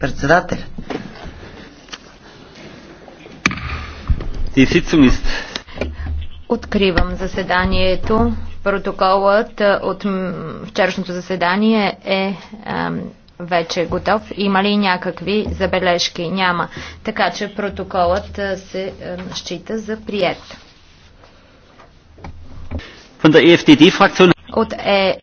Председател. Откривам заседанието. Протоколът е, от вчерашното заседание е вече готов. Има ли някакви забележки? Няма. Така че протоколът е, се е, счита за прият. E от е